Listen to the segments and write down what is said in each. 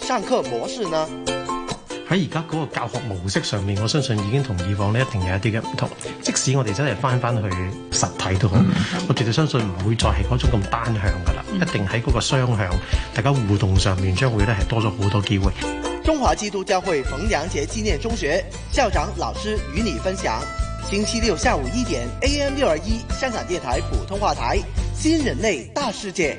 上課模式呢？喺而家嗰個教學模式上面，我相信已經同以往呢一定有一啲嘅唔同。即使我哋真係翻翻去實體都好， 我絕對相信唔會再係嗰種咁單向噶啦，一定喺嗰個雙向大家互動上面，將會咧係多咗好多機會。中華基督教會馮良傑紀念中學校長老師與你分享，星期六下午一點，AM 六二一香港電台普通話台，新人類大世界。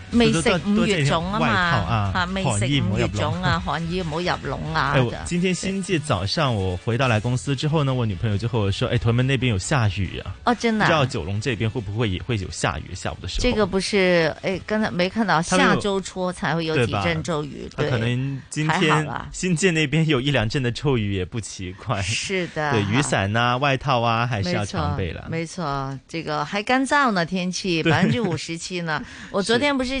未食五月粽啊嘛，啊，未食五月粽啊，寒衣唔冇入籠啊。的。今天新界早上我回到來公司之後呢，我女朋友就和我說，哎屯門那邊有下雨啊。哦，真的。唔知道九龍這邊會不會也會有下雨？下午的時候。這個不是，哎剛才沒看到，下周初才會有幾陣驟雨。對。可能今天新界那邊有一兩陣的臭雨也不奇怪。是的。對，雨傘啊、外套啊，還是要準備了。沒錯。這個還乾燥呢，天氣。百分之五十七呢。我昨天不是。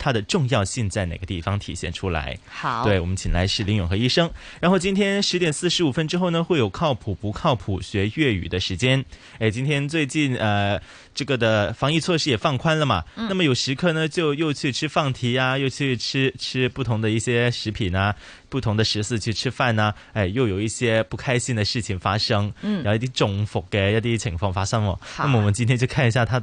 它的重要性在哪個地方體現出來？好，對我們請來是林永和醫生。嗯、然後今天十點四十五分之後呢，會有靠譜不靠譜學粵語的時間。哎，今天最近呃，這個的防疫措施也放寬了嘛，嗯、那麼有食客呢就又去吃放題啊，又去吃吃不同的一些食品啊，不同的食肆去吃飯吶，啊。哎，又有一些不開心的事情發生，嗯，然後一啲中伏嘅一啲情況發生，了。好那麼我們今天就看一下他。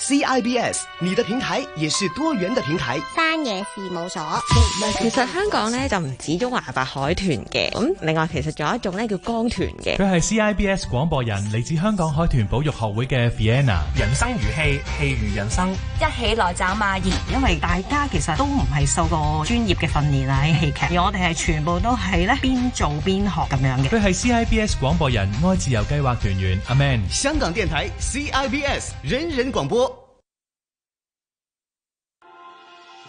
CIBS 你的平台也是多元的平台。山野事務所，其實香港咧，就唔止中華白海豚嘅。咁、嗯、另外其實仲有一種咧，叫江豚嘅。佢係 CIBS 廣播人，嚟自香港海豚保育學會嘅 Vienna。人生如戲，戲如人生，一起來找馬兒，因為大家其實都唔係受過專業嘅訓練啊喺戲劇，而我哋係全部都係咧，邊做邊學咁樣嘅。佢係 CIBS 廣播人，愛自由計劃團員阿 Man。香港電台 CIBS 人人廣播。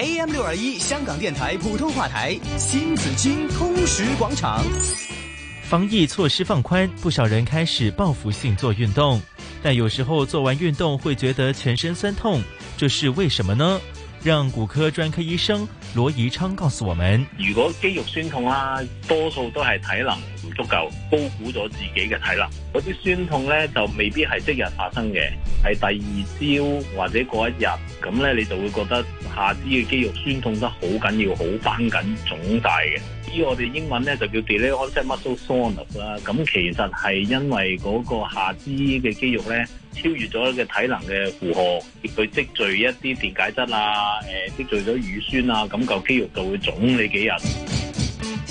AM 六二一香港電台普通話台，新紫荊通識廣場。防疫措施放寬，不少人開始報復性做運動，但有時候做完運動會覺得全身酸痛，這是為什麼呢？讓骨科專科醫生羅宜昌告訴我們，如果肌肉酸痛啦、啊，多數都係體能唔足夠，高估咗自己嘅體能。嗰啲酸痛咧就未必係即日發生嘅，係第二朝或者過一日，咁咧你就會覺得下肢嘅肌肉酸痛得好緊要，好繃緊、腫大嘅。依我哋英文咧就叫 delayed onset muscle soreness 啦。咁其實係因為嗰個下肢嘅肌肉咧超越咗嘅體能嘅負荷，佢積聚一啲電解質啊、誒、呃、積聚咗乳酸啊，咁嚿肌肉就會腫你幾日。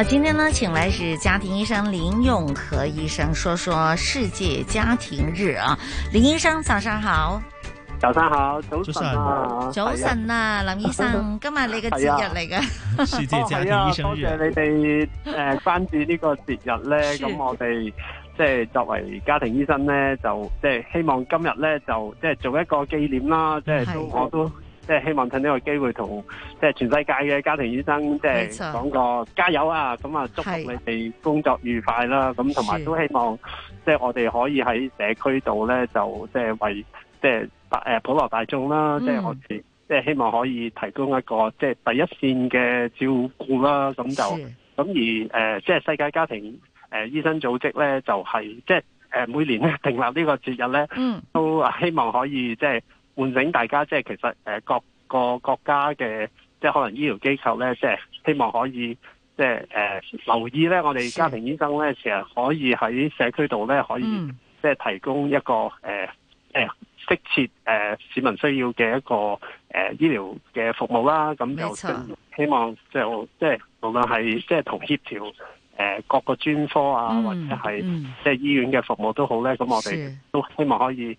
那今天呢，請來是家庭醫生林永和醫生，說說世界家庭日啊。林醫生，早上好。早上好，早晨啊，早晨啊，林醫生，今日你嘅節日嚟㗎。多謝你哋誒關注呢個節日咧。咁我哋即係作為家庭醫生咧，就即係希望今日咧，就即係做一個紀念啦。即係我都。即係希望趁呢個機會同即係全世界嘅家庭醫生即係講個加油啊！咁啊的，祝福你哋工作愉快啦！咁同埋都希望即係我哋可以喺社區度咧，就即係為即係大誒普羅大眾啦，即係我哋即係希望可以提供一個即係第一線嘅照顧啦。咁就咁而誒，即係世界家庭誒醫生組織咧，就係即係每年咧訂立呢個節日咧，嗯、都希望可以即係。喚醒大家，即係其實誒各個國家嘅，即係可能醫療機構咧，即係希望可以，即係誒、呃、留意咧。我哋家庭醫生咧，其實是可以喺社區度咧，可以即係、嗯、提供一個誒誒、呃、適切誒、呃、市民需要嘅一個誒、呃、醫療嘅服務啦。咁又錯希望就即係無論係即係同協調誒各個專科啊，嗯、或者係即係醫院嘅服務都好咧。咁我哋都希望可以。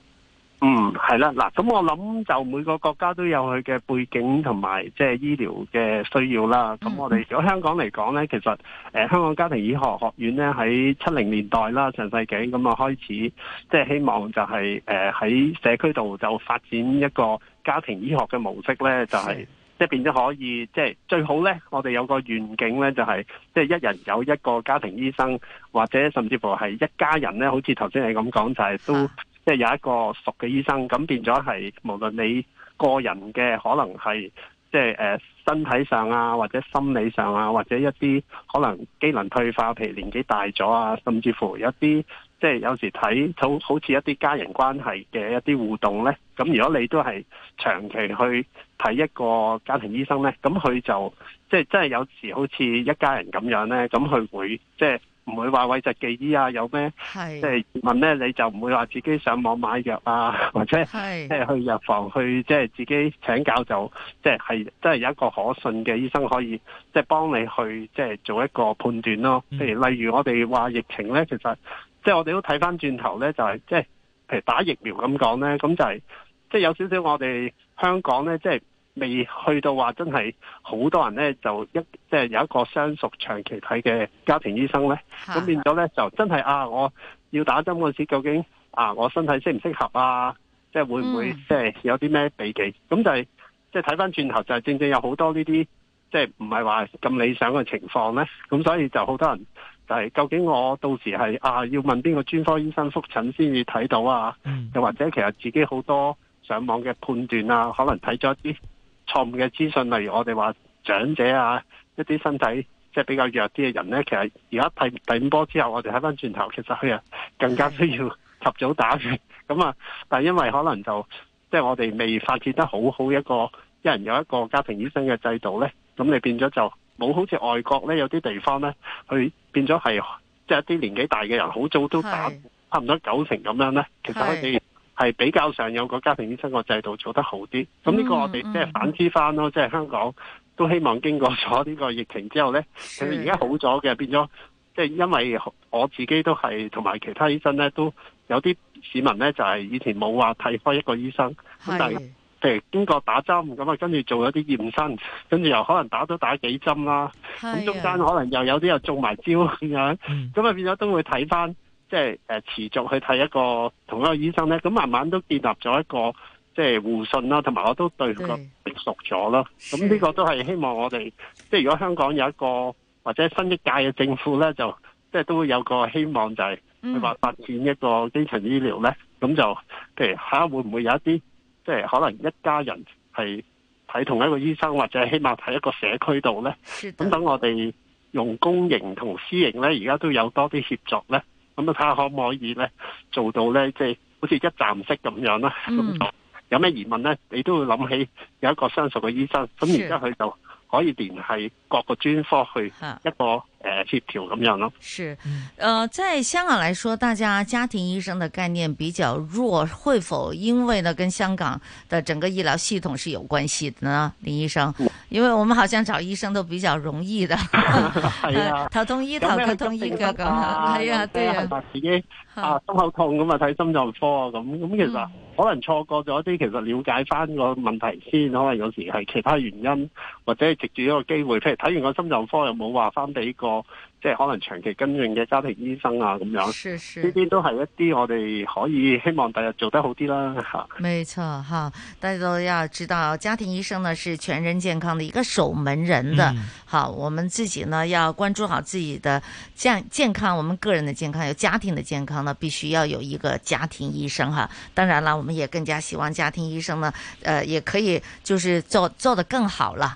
嗯，係啦，嗱，咁我諗就每個國家都有佢嘅背景同埋即係醫療嘅需要啦。咁、嗯、我哋如果香港嚟講呢，其實誒、呃、香港家庭醫學學院呢，喺七零年代啦上世紀咁啊開始，即係希望就係誒喺社區度就發展一個家庭醫學嘅模式呢，就係即係變咗可以，即、就、係、是、最好呢，我哋有個願景呢，就係即係一人有一個家庭醫生，或者甚至乎係一家人呢，好似頭先你咁講就係、是、都。即係有一個熟嘅醫生，咁變咗係無論你個人嘅可能係即係誒身體上啊，或者心理上啊，或者一啲可能機能退化，譬如年紀大咗啊，甚至乎一啲即係有時睇好好似一啲家人關係嘅一啲互動咧，咁如果你都係長期去睇一個家庭醫生咧，咁佢就即係真係有時好似一家人咁樣咧，咁佢會即係。唔會話諱疾忌醫啊，有咩即係問咧，你就唔會話自己上網買藥啊，或者即係去藥房去即係自己請教，就即係係即係有一個可信嘅醫生可以即係幫你去即係做一個判斷咯。譬如例如我哋話疫情咧，其實即係我哋都睇翻轉頭咧，就係即係譬如打疫苗咁講咧，咁就係即係有少少我哋香港咧即係。就是未去到話真係好多人呢，就一即係、就是、有一個相熟長期睇嘅家庭醫生呢，咁 變咗呢，就真係啊！我要打針嗰時，究竟啊我身體適唔適合啊？即、就、係、是、會唔會即係、嗯、有啲咩避忌？咁就係即係睇翻轉頭，就是、正正有好多呢啲即係唔係話咁理想嘅情況呢。咁所以就好多人就係、是、究竟我到時係啊要問邊個專科醫生覆診先至睇到啊？又、嗯、或者其實自己好多上網嘅判斷啊，可能睇咗啲，錯誤嘅資訊，例如我哋話長者啊，一啲身體即係比較弱啲嘅人呢，其實而家睇第五波之後，我哋睇翻轉頭，其實佢啊更加需要及早打完。咁啊，但係因為可能就即係、就是、我哋未發展得好好一個一個人有一個家庭醫生嘅制度呢，咁你變咗就冇好似外國呢有啲地方呢，佢變咗係即係一啲年紀大嘅人好早都打是差唔多九成咁樣呢，是其實可以。係比較上有個家庭醫生個制度做得好啲，咁呢、嗯、個我哋即係反思翻咯，即係、嗯、香港都希望經過咗呢個疫情之後呢，其實而家好咗嘅，變咗即係因為我自己都係同埋其他醫生呢，都有啲市民呢就係、是、以前冇話睇開一個醫生，咁的但係譬如經過打針咁啊，跟住做咗啲驗身，跟住又可能打都打幾針啦、啊，咁的中間可能又有啲又中埋招咁樣咁啊的、嗯、變咗都會睇翻。即係持續去睇一個同一個醫生呢，咁慢慢都建立咗一個即係、就是、互信啦，同埋我都對佢熟咗咯。咁呢的個都係希望我哋，即、就、係、是、如果香港有一個或者新一屆嘅政府呢，就即係、就是、都會有個希望就係去話發展一個基層醫療呢。咁、嗯、就譬如下會唔會有一啲，即、就、係、是、可能一家人係睇同一個醫生，或者起碼睇一個社區度呢？咁的等我哋用公營同私營呢，而家都有多啲協作呢。咁啊，睇下可唔可以咧做到咧，即係好似一站式咁樣啦。咁、嗯、有咩疑問咧，你都會諗起有一個相熟嘅醫生，咁而家佢就可以聯繫各個專科去一個。誒，協調咁樣咯、啊。是，呃，在香港來說，大家家庭醫生的概念比較弱，會否因為呢，跟香港的整個醫療系統是有關係的呢？林醫生，因為我們好像找醫生都比較容易的，係 啊，頭，啊、痛醫頭個痛醫腳咁，係啊，係自己啊，心口痛咁啊，睇心臟科啊，咁咁，嗯、其實可能錯過咗啲，其實了解翻個問題先，可能有時係其他原因，或者係藉住一個機會，譬如睇完個心臟科又冇話翻俾個。即係可能長期跟進嘅家庭醫生啊，這，咁樣呢啲都係一啲我哋可以希望第日做得好啲啦，吓。沒錯，哈，大家都要知道，家庭醫生呢，是全人健康的一個守門人的。嗯、好，我們自己呢要關注好自己的健健康，我們個人的健康，有家庭的健康呢，必須要有一個家庭醫生。哈，當然啦，我們也更加希望家庭醫生呢，呃，也可以就是做做得更好啦。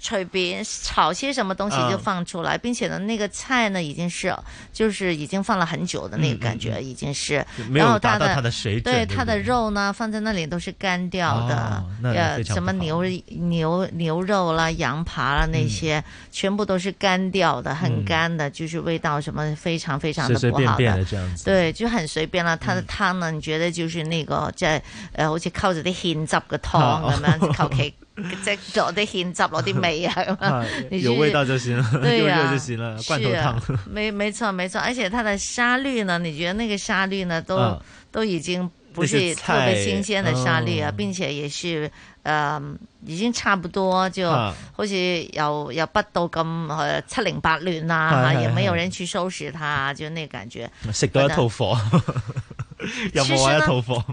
隨便炒些什麼東西就放出來，並且呢，那個菜呢已經是，就是已經放了很久的那個感覺，已經是。沒有達到它的水準。對它的肉呢，放在那裏都是乾掉的，呃，什麼牛牛牛肉啦、羊扒啦那些，全部都是乾掉的，很乾的，就是味道什麼非常非常的不好的。隨隨便便的這樣子。對，就很隨便了。它的湯呢，你覺得就是那個，即係呃，好似溝咗啲芡汁嘅湯咁樣，求其。即做啲芡汁落啲味啊嘛，有味道就行了， 對啊、 有味就行了，罐頭湯、啊。沒，沒錯，沒錯，而且它的沙律呢？你覺得那個沙律呢，都、啊、都已經不是特別新鮮的沙律啊，哦、並且也是，嗯、呃，已經差不多，就好似又又不到咁，誒，七零八亂啊，沒有人去收拾它、啊，就那感覺。食到是一套房，又冇買一套房。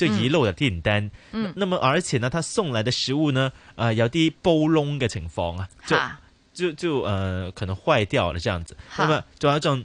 就遺漏了訂單，嗯那，那麼而且呢，他送來的食物呢，呃有啲煲窿的情況啊，就哈就就，呃，可能壞掉了，這樣子，哈那麼主要這種。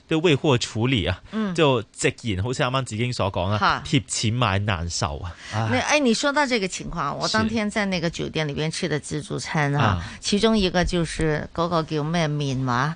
即未貨處理啊！就直言，嗯、好似啱啱子英所講啊，貼好錢買難受啊！你誒唉，你說到這個情況，我當天在那個酒店裏邊吃的自助餐啊，是其中一個就是嗰個叫咩麵嘛。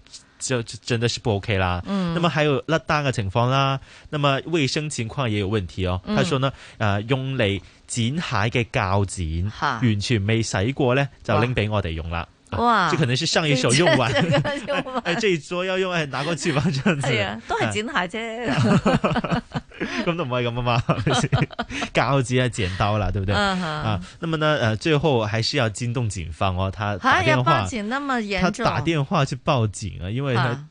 就真的是不 OK 啦。嗯，那麼還有甩單嘅情況啦。那麼衛生情況也有問題哦。他說呢，誒、啊，用嚟剪鞋嘅鉸剪，嗯、完全未洗過咧，就拎畀我哋用啦。啊、哇，就可能是上一手用完，哎，這一桌要用，哎，拿過去吧，這樣子，哎呀啊、都係剪鞋啫，咁都唔係咁啊嘛，高級啊剪刀啦，對不對？嗯、哼啊，那麼呢，呃、啊，最後還是要驚動警方哦，他打電話，報警那麼嚴重，他打電話去報警啊，因為他、啊。他。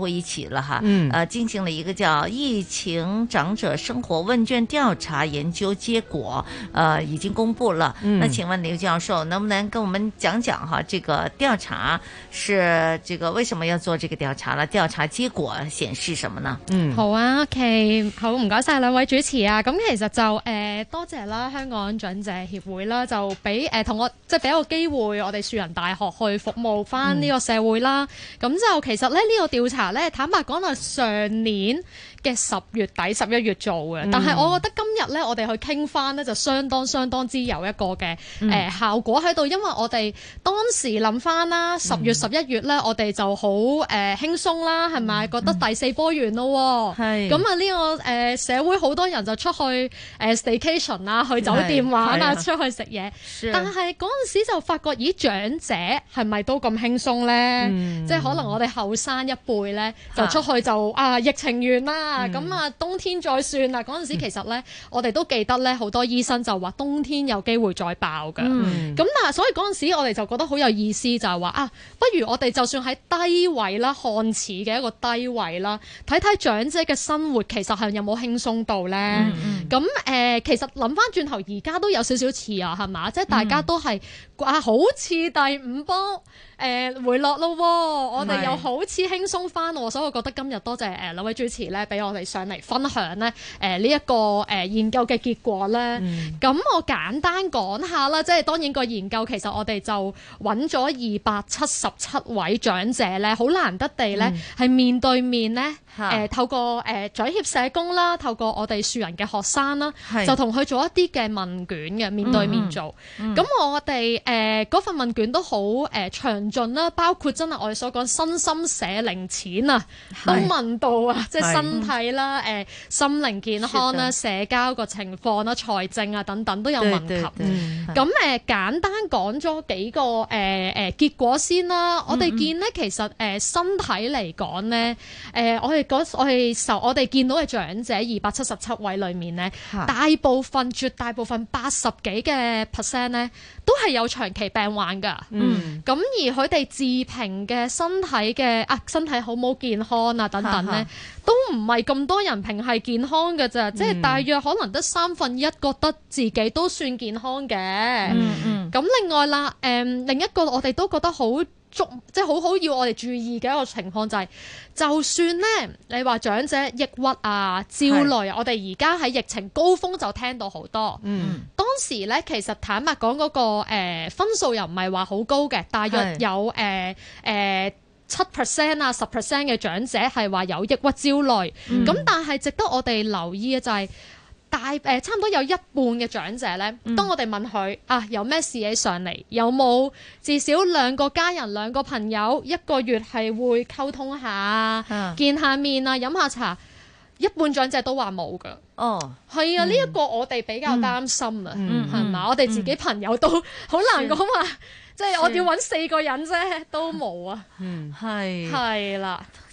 會一起了哈，呃，進行了一個叫“疫情長者生活問卷調查”研究，結果呃已經公布了。嗯、那請問劉教授，能不能跟我們講講哈這個調查是這個為什麼要做這個調查呢？調查結果顯示什麼呢？嗯、啊 okay，好啊，OK，好，唔該晒兩位主持啊。咁、嗯、其實就誒、呃、多謝啦，香港長者協會啦，就俾誒同我即係俾一個機會，我哋樹仁大學去服務翻呢個社會啦。咁、嗯、就其實咧，呢、這個調查。嗱，咧坦白講啦，上年嘅十月底、十一月做嘅，嗯、但係我覺得今日咧，我哋去傾翻咧，就相當相當之有一個嘅誒、嗯呃、效果喺度，因為我哋當時諗翻、呃、啦，十月十一月咧，我哋就好誒輕鬆啦，係咪？覺得第四波完咯，係咁啊、嗯！呢是、這個誒、呃、社會好多人就出去誒、呃、staycation 啊，去酒店玩啊，出去食嘢，但係嗰陣時就發覺咦，長者係咪都咁輕鬆咧？嗯、即係可能我哋後生一輩。咧就出去就啊，啊疫情完啦，咁、嗯、啊冬天再算啦。嗰陣時其實咧，嗯、我哋都記得咧，好多醫生就話冬天有機會再爆噶。咁但係所以嗰陣時我哋就覺得好有意思就，就係話啊，不如我哋就算喺低位啦，看似嘅一個低位啦，睇睇長者嘅生活其實係有冇輕鬆到咧？咁誒、嗯呃，其實諗翻轉頭而家都有少少似啊，係嘛，即、就、係、是、大家都係、嗯、啊，好似第五波。誒回落咯，我哋又好似輕鬆翻喎，是所以我覺得今日多謝誒兩位主持咧，俾我哋上嚟分享咧，呢一個誒研究嘅結果咧。咁、嗯、我簡單講下啦，即係當然個研究其實我哋就揾咗二百七十七位長者咧，好難得地咧係面對面咧、嗯呃，透過誒在協社工啦，透過我哋樹人嘅學生啦，就同佢做一啲嘅問卷嘅面對面做。咁、嗯嗯、我哋誒嗰份問卷都好誒、呃、長。盡啦，包括真係我哋所講身心社靈錢啊，對都問到啊，對即係身體啦、誒對心靈健康啦、的社交個情況啦、財政啊等等都有問及。咁誒，簡單講咗幾個誒誒、呃、結果先啦。我哋見咧，嗯嗯其實誒、呃、身體嚟講咧，誒、呃、我哋嗰我哋受我哋見到嘅長者二百七十七位裏面咧，大部分絕大部分八十幾嘅 percent 咧，都係有長期病患噶。嗯，咁而。佢哋自評嘅身體嘅啊，身體好冇健康啊等等咧，哈哈都唔係咁多人評係健康㗎咋，即係、嗯、大約可能得三分一覺得自己都算健康嘅。嗯嗯。咁另外啦，誒、嗯，另一個我哋都覺得好。即係好好要我哋注意嘅一個情況就係、是，就算呢你話長者抑鬱啊、焦慮，是我哋而家喺疫情高峰就聽到好多。嗯、當時呢，其實坦白講嗰、那個、呃、分數又唔係話好高嘅，大約有誒誒七 percent 啊、十 percent 嘅長者係話有抑鬱焦慮。咁、嗯、但係值得我哋留意嘅就係、是。大、呃、差唔多有一半嘅長者咧，當我哋問佢、嗯、啊，有咩事起上嚟，有冇至少兩個家人、兩個朋友一個月係會溝通下、啊、見下面啊、飲下茶，一半長者都話冇噶。哦，係啊，呢一、嗯、個我哋比較擔心啊，係嘛？我哋自己朋友都好難講嘛，即係我要搵四個人啫，都冇啊。嗯，係係啦。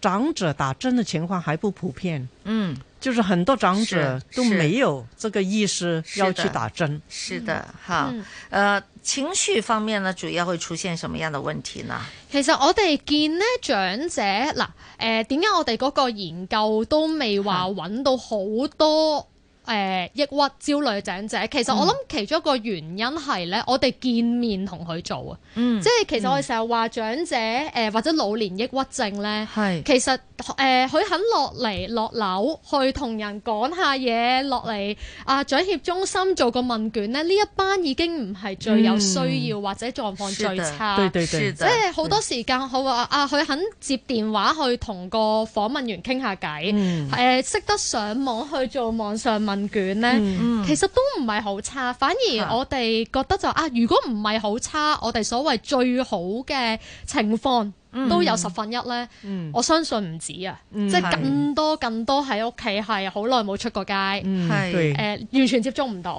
長者打針的情況還不普遍，嗯，就是很多長者都沒有這個意識要去打針，是的，哈，呃，情緒方面呢，主要會出現什麼樣的問題呢？嗯嗯、其實我哋見呢長者嗱，誒，點、呃、解我哋嗰個研究都未話搵到好多？嗯誒、呃、抑鬱焦慮長者，其實我諗其中一個原因係咧，我哋見面同佢做啊，嗯、即係其實我哋成日話長者、呃、或者老年抑鬱症咧，是其實佢、呃、肯落嚟落樓去同人講下嘢，落嚟啊長協中心做個問卷咧，呢一班已經唔係最有需要或者狀況最差，嗯、對對對即係好多時間佢話對啊，佢肯接電話去同個訪問員傾下偈，誒識、嗯呃、得上網去做網上問卷咧，嗯嗯、其實都唔係好差，反而我哋覺得就啊，如果唔係好差，我哋所謂最好嘅情況都有十分一呢。嗯嗯、我相信唔止啊，嗯、即係更多更多喺屋企係好耐冇出過街，誒、嗯，呃、對完全接觸唔到。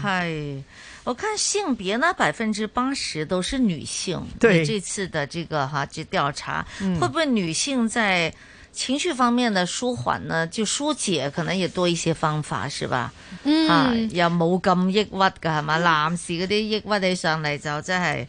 係，我看性別呢，百分之八十都是女性，對這次的這個哈，這調查，嗯、會不會女性在？情緒方面嘅舒緩呢，就舒解可能也多一些方法，是吧？嗯，啊、又冇咁抑鬱噶係嘛？是嗯、男士嗰啲抑鬱你上嚟就真係，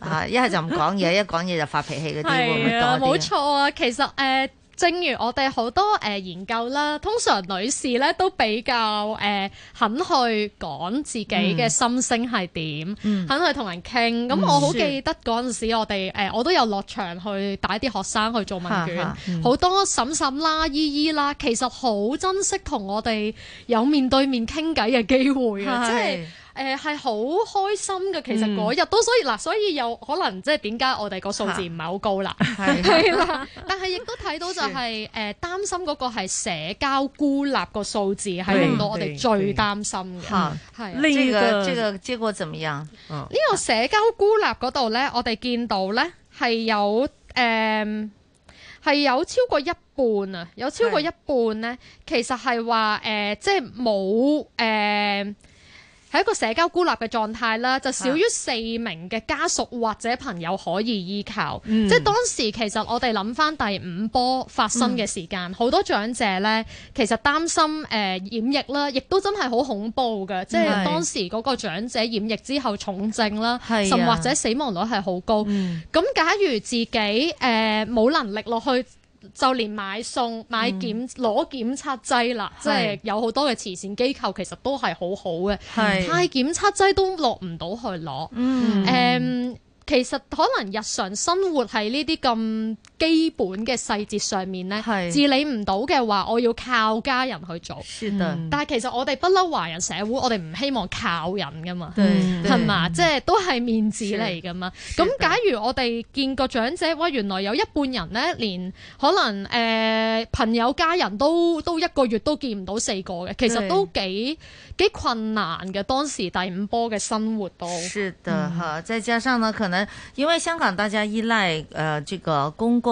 啊一係就唔講嘢，一講嘢 就發脾氣嗰啲會唔會多啲？冇錯啊，其實誒。呃正如我哋好多、呃、研究啦，通常女士咧都比較誒肯去講自己嘅心聲係點，肯去同、嗯、人傾。咁、嗯、我好記得嗰陣時，我哋誒我都有落場去帶啲學生去做問卷，好、嗯、多嬸嬸啦、姨姨啦，其實好珍惜同我哋有面對面傾偈嘅機會啊，的即誒係好開心嘅，其實嗰日都所以嗱，所以有可能即係點解我哋個數字唔係好高哈 啦？係啦，但係亦都睇到就係、是、誒是、呃、擔心嗰個係社交孤立個數字係令到對我哋最擔心嘅。係呢個呢、呢個結果點樣？呢個社交孤立嗰度咧，我哋見到咧係有誒係、呃、有超過一半啊，有超過一半咧，對其實係話誒即係冇誒。呃喺一個社交孤立嘅狀態啦，就少於四名嘅家屬或者朋友可以依靠。嗯、即係當時其實我哋諗返第五波發生嘅時間，好、嗯、多長者咧其實擔心誒染、呃、疫啦，亦都真係好恐怖㗎。是即係當時嗰個長者染疫之後重症啦，啊、甚至或者死亡率係好高。咁、嗯、假如自己誒冇、呃、能力落去。就連買餸買攞檢，檢測劑啦，即係、嗯、有好多嘅慈善機構，其實都係好好嘅。太是檢測劑都落唔到去攞。嗯 um, 其實可能日常生活係呢啲咁。基本嘅細節上面咧，是治理唔到嘅話，我要靠家人去做。是的。嗯、但係其實我哋不嬲華人社會，我哋唔希望靠人噶嘛，係嘛？即係都係面子嚟噶嘛。咁假如我哋見個長者，哇，原來有一半人咧，連可能誒、呃、朋友家人都都一個月都見唔到四個嘅，其實都幾對幾困難嘅。當時第五波嘅生活都，是的哈，再加上呢，可能因為香港大家依賴誒、呃，這個公共。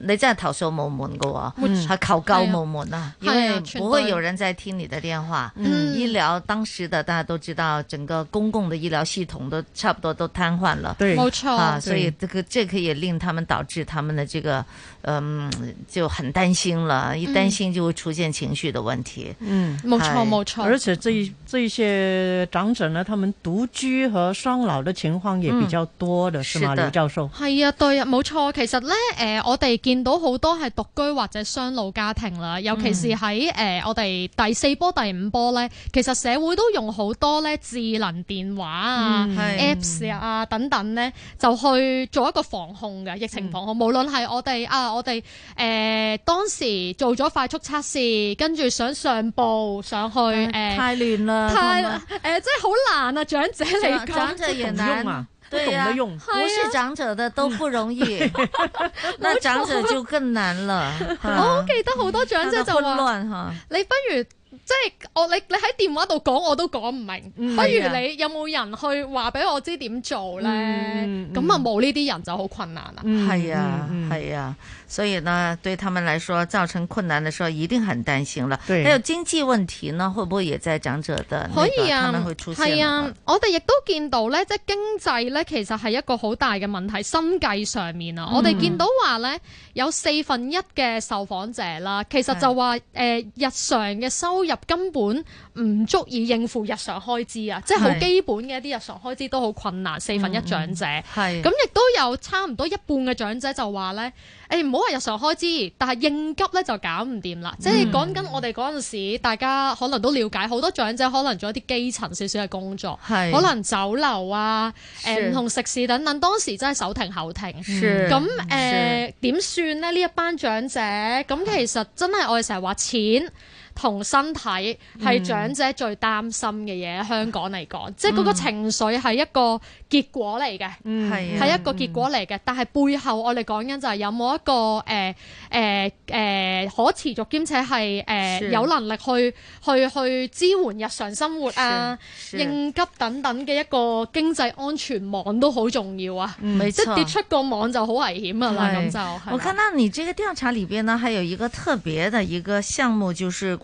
你真係投訴無門噶喎，係求救無門啊！因為不會有人再聽你的電話。醫療當時的大家都知道，整個公共的醫療系統都差不多都癱瘓了。對，冇錯啊！所以這個這可以令他們導致他們的這個，嗯，就很擔心啦。一擔心就會出現情緒的問題。嗯，冇錯冇錯。而且這這些長者呢，他們獨居和雙老的情況也比較多的，是嗎？劉教授，係啊，對啊，冇錯。其實呢，誒，我哋。見到好多係獨居或者雙老家庭啦，尤其是喺誒、嗯呃、我哋第四波、第五波咧，其實社會都用好多咧智能電話啊、嗯、Apps 啊等等咧，就去做一個防控嘅疫情防控。嗯、無論係我哋啊，我哋誒、呃、當時做咗快速測試，跟住想上報上去誒，呃、太亂啦，太誒了、呃、即係好難啊！長者嚟講，長啊、都懂得用不是、啊、冇事長者的都不容易，嗯、 那長者就更難了。啊啊、我好記得好多長者就話，你不如即係我，你你喺電話度講我都講唔明，啊、不如你有冇人去話俾我知點做咧？咁、嗯嗯、啊，冇呢啲人就好困難啦。係啊，係啊。所以呢，對他們來說造成困難的時候，一定很擔心了。對還有經濟問題呢，會不會也在長者的、那個、他們會出現、可以啊，係啊，我哋亦都見到咧，即係經濟咧，其實係一個好大嘅問題，心計上面啊。我哋見到話咧，嗯嗯，有四分一嘅受訪者啦，其實就話誒是、呃，日常嘅收入根本唔足以應付日常開支啊，是即係好基本嘅一啲日常開支都好困難。嗯嗯，四分一長者係咁，亦是都有差唔多一半嘅長者就話咧，誒、哎好係日常開支，但係應急咧就搞唔掂啦。即係講緊我哋嗰陣時，大家可能都了解好多長者，可能做一啲基層少少嘅工作，是可能酒樓啊、唔同是、呃、食肆等等。當時真係手停口停，咁誒點算呢？呢一班長者咁，其實真係我哋成日話錢同身體係長者最擔心嘅嘢，嗯、香港嚟講，即係嗰個情緒係一個結果嚟嘅，係、嗯、一個結果嚟嘅。嗯、但係背後我哋講緊就係有冇一個誒誒誒可持續兼且係誒、呃、是有能力去去去支援日常生活啊、應急等等嘅一個經濟安全網都好重要啊，嗯、即係跌出個網就好危險啊啦咁就。我看到你這個調查裏邊呢，還有一個特別嘅一個項目，就是。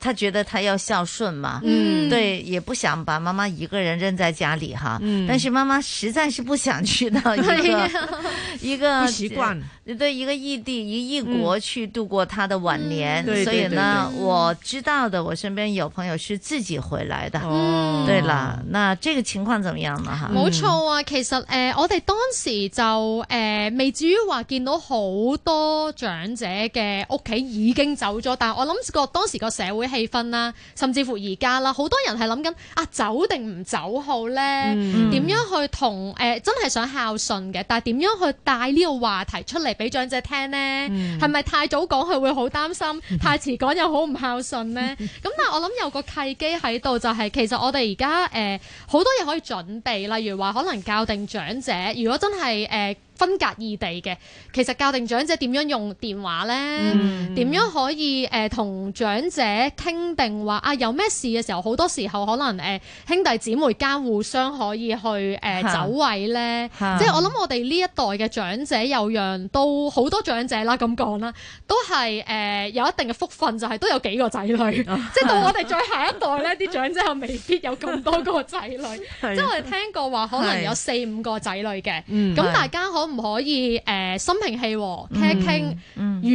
他覺得他要孝順嘛，嗯，對，也不想把媽媽一個人扔在家裏哈，嗯、但是媽媽實在是不想去到一個 一個不習慣，對，一個異地一異國去度過他的晚年，嗯、所以呢，嗯、我知道的，我身邊有朋友是自己回來的，嗯、哦，對了，那這個情況怎麼樣呢？哈，冇錯啊，其實誒、呃，我哋當時就誒未、呃、至於話見到好多長者嘅屋企已經走咗，但我諗個當時個社會。氣氛啦，甚至乎而家啦，好多人係諗緊啊，走定唔走好咧？點、mm hmm. 樣去同誒、呃、真係想孝順嘅，但係點樣去帶呢個話題出嚟俾長者聽咧？係咪、mm hmm. 太早講佢會好擔心，太遲講又好唔孝順咧？咁 但係我諗有個契機喺度、就係，就係其實我哋而家誒好多嘢可以準備，例如話可能教定長者，如果真係誒。呃分隔異地嘅，其實教定長者點樣用電話咧，點、嗯、樣可以誒同、呃、長者傾定話啊？有咩事嘅時候，好多時候可能誒、呃、兄弟姊妹間互相可以去誒、呃啊、走位咧。是啊、即係我諗我哋呢一代嘅長者有樣都好多長者啦，咁講啦，都係誒、呃、有一定嘅福分，就係都有幾個仔女。 即係到我哋再下一代咧，啲 長者又未必有咁多個仔女。 啊、即係我哋聽過話可能有四五個仔女嘅。咁、啊嗯、大家可？唔可以誒、呃、心平氣和傾一傾。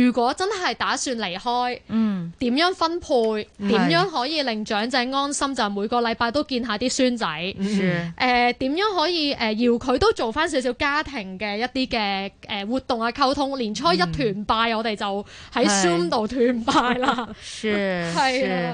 如果真係打算離開，點、嗯、樣分配？點是樣可以令長者安心？就每個禮拜都見下啲孫仔。誒點是、呃、樣可以誒要佢都做翻少少家庭嘅一啲嘅誒活動啊，溝通。年初一團拜，嗯、我哋就喺孫度團拜啦是。 是，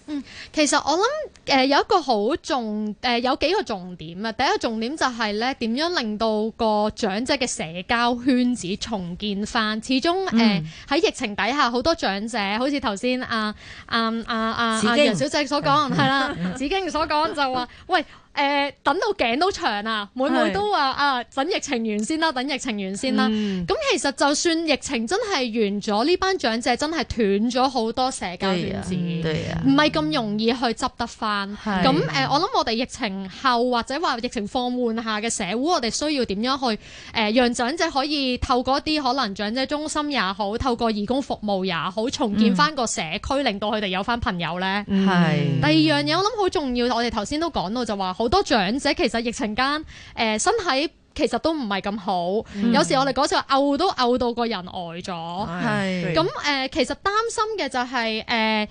嗯，其實我諗、呃、有一個好重、呃、有幾個重點啊。第一個重點就係咧點樣令到個長者嘅社交圈子重建翻。始終誒喺、呃嗯、疫情底下，好多長者好似頭先阿阿阿阿阿楊小姐所講，係 啦，子矜所講 就話，喂。誒、呃、等到頸都長啊！每每都話是啊，等疫情完先啦，等疫情完先啦。咁、嗯、其實就算疫情真係完咗，呢班長者真係斷咗好多社交圈子，唔係咁容易去執得翻。咁呀、呃、我諗我哋疫情後或者話疫情放緩下嘅社會，我哋需要點樣去誒、呃、讓長者可以透過一啲可能長者中心也好，透過義工服務也好，重建翻個社區，令到佢哋有翻朋友咧。係是、嗯、第二樣嘢，我諗好重要。我哋頭先都講到就話。好多長者其實疫情間誒，身體，其實都唔係咁好，嗯、有時候我哋講就話嘔都嘔到個人呆咗。咁是、呃、其實擔心嘅就係、是、誒、呃、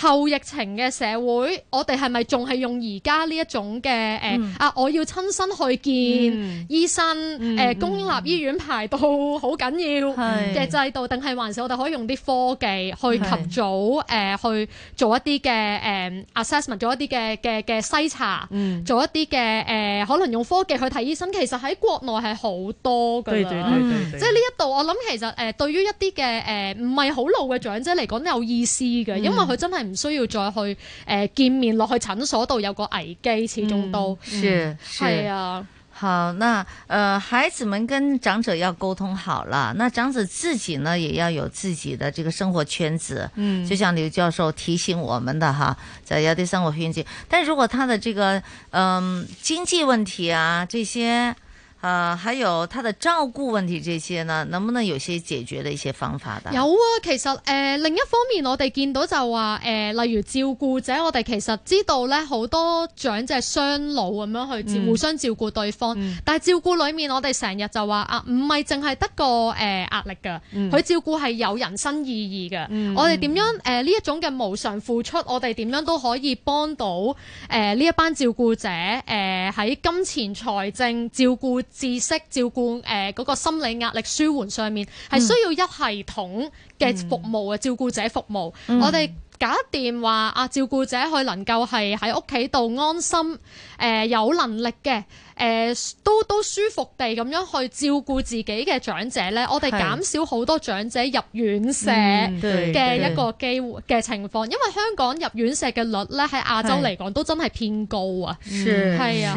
後疫情嘅社會，我哋係咪仲係用而家呢一種嘅、呃嗯、啊？我要親身去見醫生，嗯嗯呃、公立醫院排到好緊要嘅制度，定係是還是我哋可以用啲科技去及早是、呃、去做一啲嘅、呃、assessment，做一啲嘅嘅嘅篩查，嗯、做一啲嘅、呃、可能用科技去睇醫生。其實喺國內係好多噶啦，即係呢一度我諗其實誒、呃，對於一啲嘅誒唔係好老嘅長者嚟講有意思嘅，因為佢真係唔需要再去誒、呃、見面落去診所度有個危機，始終都係啊。好，那誒、呃、孩子們跟長者要溝通好了，那長者自己呢也要有自己的這個生活圈子。嗯，就像劉教授提醒我們的哈，在亞的生活圈子。但如果他的這個嗯、呃、經濟問題啊這些。啊，還有他的照顧問題，這些呢，能不能有些解決的一些方法的？有啊，其實誒、呃，另一方面我哋見到就話誒、呃，例如照顧者，我哋其實知道咧，好多長者雙老咁樣去互相照顧對方，嗯、但係照顧裏面我哋成日就話啊，唔係淨係得個誒壓、呃、力噶，佢、嗯、照顧係有人生意義㗎。嗯、我哋點樣誒呢一種嘅無償付出，我哋點樣都可以幫到誒呢、呃、一班照顧者誒喺、呃、金錢財政照顧。知識照顧誒嗰、呃那個心理壓力舒緩上面係、嗯、需要一系統嘅服務嘅、嗯、照顧者服務。嗯、我哋搞掂話啊，照顧者可能夠係喺屋企度安心誒、呃、有能力嘅誒、呃、都都舒服地咁樣去照顧自己嘅長者呢，我哋減少好多長者入院舍嘅一個機會嘅情況，嗯、因為香港入院舍嘅率呢，喺亞洲嚟講對都真係偏高啊，係是啊。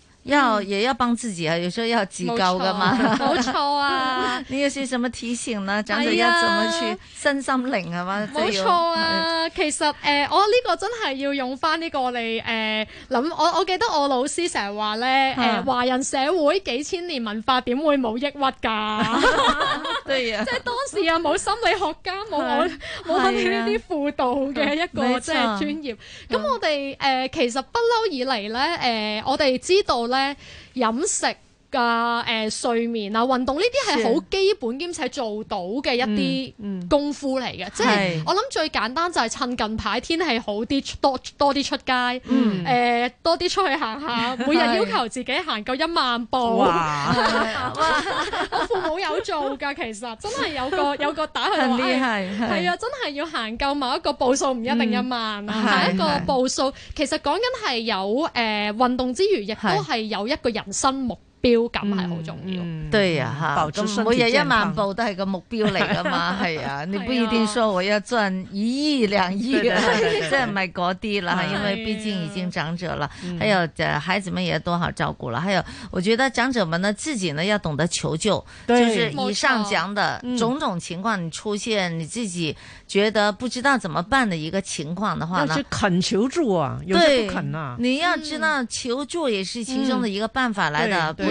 要也要幫自己啊，有時候要自救噶嘛，冇錯啊！你要是什麼提醒呢？長者要怎麼去身心靈啊嘛？冇錯啊！其實誒，我呢個真係要用翻呢個嚟。誒諗，我我記得我老師成日話咧，誒華人社會幾千年文化點會冇抑鬱噶？即係當時又冇心理學家，冇冇冇呢啲輔導嘅一個即係專業。咁我哋誒其實不嬲以嚟咧，誒我哋知道。咧飲食。嘅誒睡眠啊，運動呢啲係好基本兼且做到嘅一啲功夫嚟嘅，即係我諗最簡單就係趁近排天氣好啲，多多啲出街，誒多啲出去行下，每日要求自己行夠一萬步啊！我父母有做㗎，其實真係有個有個打去話係啊，真係要行夠某一個步數，唔一定一萬啊，一個步數。其實講緊係有誒運動之餘，亦都係有一個人生目標感係好重要，對呀，吓，咁每日一萬步都係個目標嚟噶嘛，係啊，你不一定說我要賺一億兩億，即係唔係嗰啲啦，因為畢竟已經長者了，還有嘅孩子們也都好照顧了，還有我覺得長者們呢，自己呢，要懂得求救，就是以上講的種種情況，你出現你自己覺得不知道怎麼辦的一個情況的話呢，是肯求助啊，有些不肯啊，你要知道求助也是其中的一個辦法嚟的。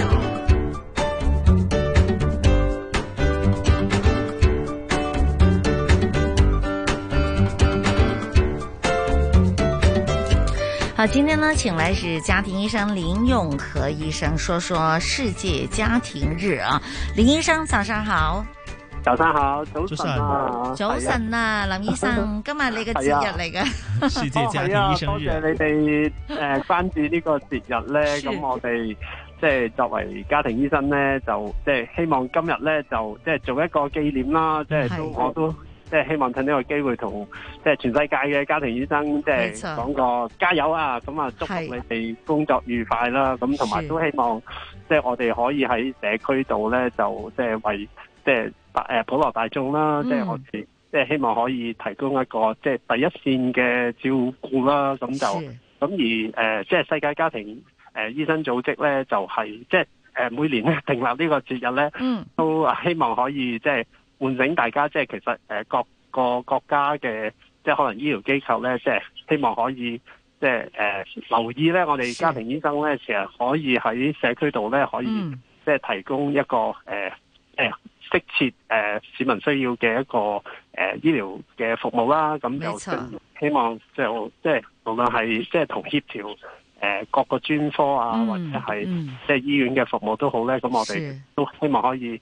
那今天呢，請來是家庭醫生林永和醫生，說說世界家庭日啊。林醫生早，早上好。早上好，早晨啊，早晨啊，啊林醫生， 今日你嘅節日嚟噶，啊哦啊。多謝你哋誒，呃、關注呢個節日咧。咁是我哋即係作為家庭醫生咧，就即係、呃呃是呃呃、希望今日咧，就即係、呃、做一個紀念啦。即係我都。的即係希望趁呢個機會同即係全世界嘅家庭醫生即係講個加油啊！咁啊，祝福你哋工作愉快啦！咁同埋都希望即係我哋可以喺社區度咧，就即係為即係大普羅大眾啦，即係我哋即係希望可以提供一個即係第一線嘅照顧啦。咁就咁而即係世界家庭誒醫生組織咧，就係即係每年咧訂立呢個節日咧，嗯、都希望可以即係。喚醒大家，即係其實誒各個國家嘅，即係可能醫療機構咧，即係希望可以，即係誒留意咧。我哋家庭醫生咧，其實可以喺社區度咧，可以即係提供一個誒誒適切誒市民需要嘅一個誒醫療嘅服務啦。咁又、嗯、希望就即係無論係即係同協調誒各個專科啊，或者係即係醫院嘅服務都好咧。咁我哋都希望可以。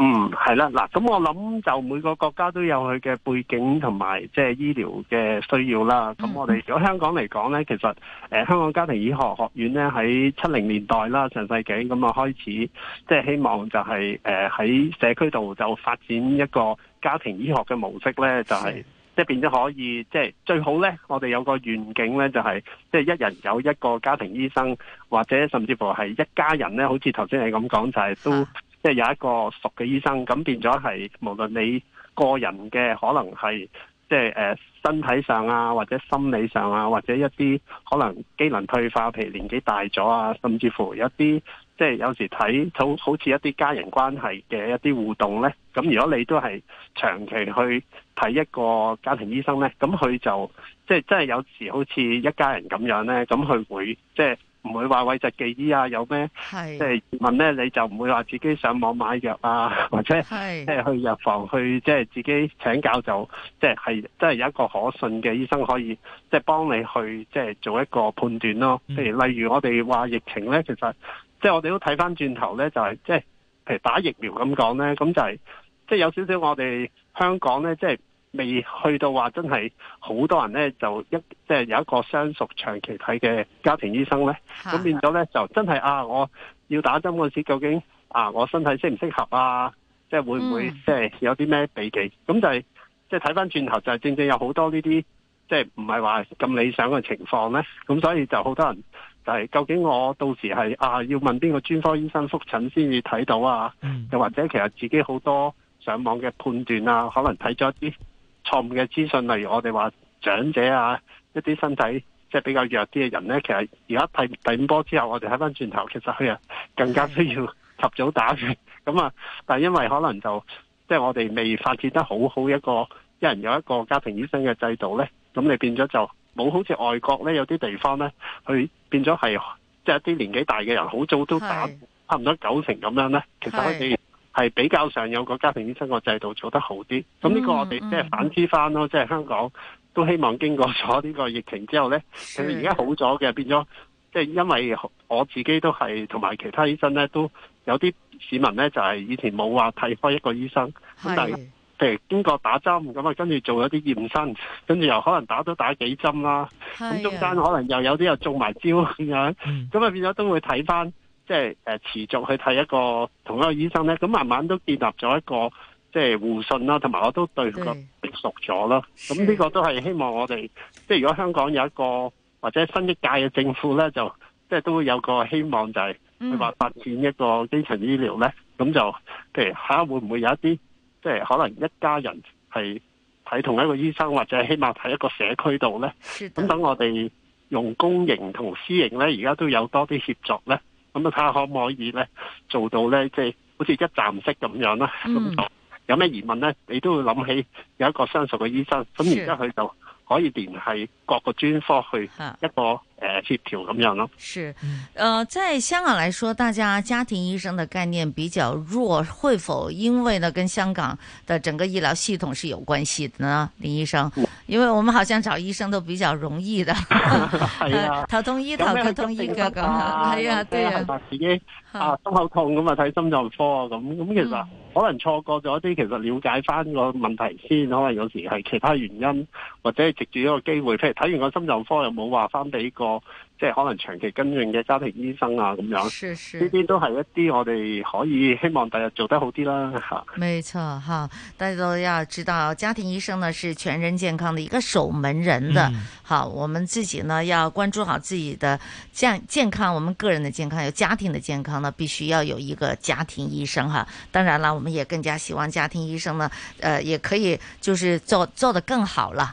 嗯，係啦，嗱，咁我諗就每個國家都有佢嘅背景同埋即係醫療嘅需要啦。咁、嗯、我哋如果香港嚟講呢，其實誒、呃、香港家庭醫學學院呢喺七零年代啦上世紀咁啊開始，即係希望就係誒喺社區度就發展一個家庭醫學嘅模式呢，就係即係變咗可以，即、就、係、是、最好呢，我哋有個願景呢，就係即係一人有一個家庭醫生，或者甚至乎係一家人呢，好似頭先你咁講就係、是、都。即係有一個熟嘅醫生，咁變咗係無論你個人嘅可能係即係誒、呃、身體上啊，或者心理上啊，或者一啲可能機能退化，譬如年紀大咗啊，甚至乎有啲即係有時睇好好似一啲家人關係嘅一啲互動咧，咁如果你都係長期去睇一個家庭醫生咧，咁佢就即係真係有時好似一家人咁樣咧，咁佢會即係。唔會話諱疾忌醫啊，有咩即係問咩，你就唔會話自己上網買藥啊，或者即係去藥房去即係自己請教，就即係係即係有一個可信嘅醫生可以即係幫你去即係做一個判斷咯。譬如例如我哋話疫情咧，其實即係我哋都睇翻轉頭咧，就係即係譬如打疫苗咁講咧，咁就係即係有少少我哋香港咧即係。就是未去到話真係好多人呢，就一即係、就是、有一個相熟長期睇嘅家庭醫生呢，咁、啊、變咗呢，就真係啊！我要打針嗰時究竟啊，我身體適唔適合啊？即、就、係、是、會唔會即係、嗯呃、有啲咩避忌？咁就係即係睇翻轉頭就係、是、正正有好多呢啲即係唔係話咁理想嘅情況呢。咁所以就好多人就係、是、究竟我到時係啊要問邊個專科醫生複診先至睇到啊？又、嗯、或者其實自己好多上網嘅判斷啊，可能睇咗啲。錯誤嘅資訊，例如我哋話長者啊，一啲身體即係比較弱啲嘅人呢。其實而家睇第五波之後，我哋睇翻轉頭，其實佢啊更加需要及早打完。咁啊是，但係因為可能就即係、就係、我哋未發展得好好一個一人有一個家庭醫生嘅制度呢，咁你變咗就冇好似外國呢，有啲地方呢，佢變咗係即係一啲年紀大嘅人好早都打是差唔多九成咁樣呢。其實是可以。係比較上有個家庭醫生個制度做得好啲，咁呢、嗯、個我哋即係反思翻咯，即係、嗯、香港都希望經過咗呢個疫情之後呢，其實而家好咗嘅，變咗即係因為我自己都係同埋其他醫生呢，都有啲市民呢就係、是、以前冇話睇開一個醫生，咁的但係譬如經過打針咁啊，跟住做咗啲驗身，跟住又可能打都打幾針啦、啊，咁的中間可能又有啲又中埋招咁樣，咁啊的、嗯、變咗都會睇翻。即係持續去睇一個同一個醫生呢，咁慢慢都建立咗一個即係、就是、互信啦，同埋我都對佢熟咗咯。咁呢對個都係希望我哋，即、就、係、是、如果香港有一個或者新一屆嘅政府呢，就即係、就是、都會有個希望就係佢話發展一個基層醫療呢。咁、嗯、就譬如下、啊、會唔會有一啲，即、就、係、是、可能一家人係睇同一個醫生，或者起碼睇一個社區度呢？咁的等我哋用公營同私營呢，而家都有多啲協作呢。咁睇下可唔可以咧做到咧？即係好似一站式咁樣啦。咁，嗯，有咩疑問咧？你都會諗起有一個相熟嘅醫生，咁而家佢就可以聯繫各個專科去一個。誒，協調咁樣咯。是，呃，在香港來說，大家家庭醫生的概念比較弱，會否因為呢，跟香港的整個醫療系統是有關係的呢？林醫生，因為我們好像找醫生都比較容易的，係啊，頭痛醫頭，頭痛醫腳咁，係啊，係啊，自己啊心口痛咁啊睇心臟科啊咁，咁其實可能錯過咗啲，其實了解翻個問題先，可能有時係其他原因，或者係藉住一個機會，譬如睇完個心臟科又冇話翻俾個。即係可能長期跟進嘅家庭醫生啊，是，咁樣呢啲都係一啲我哋可以希望第日日做得好啲啦，吓。沒錯，哈，大家都要知道，家庭醫生呢是全人健康的一個守門人的。嗯、好，我們自己呢要關注好自己的健健康，我們個人的健康，有家庭的健康呢，必須要有一個家庭醫生。哈，當然啦，我們也更加希望家庭醫生呢，呃，也可以就是做做得更好啦。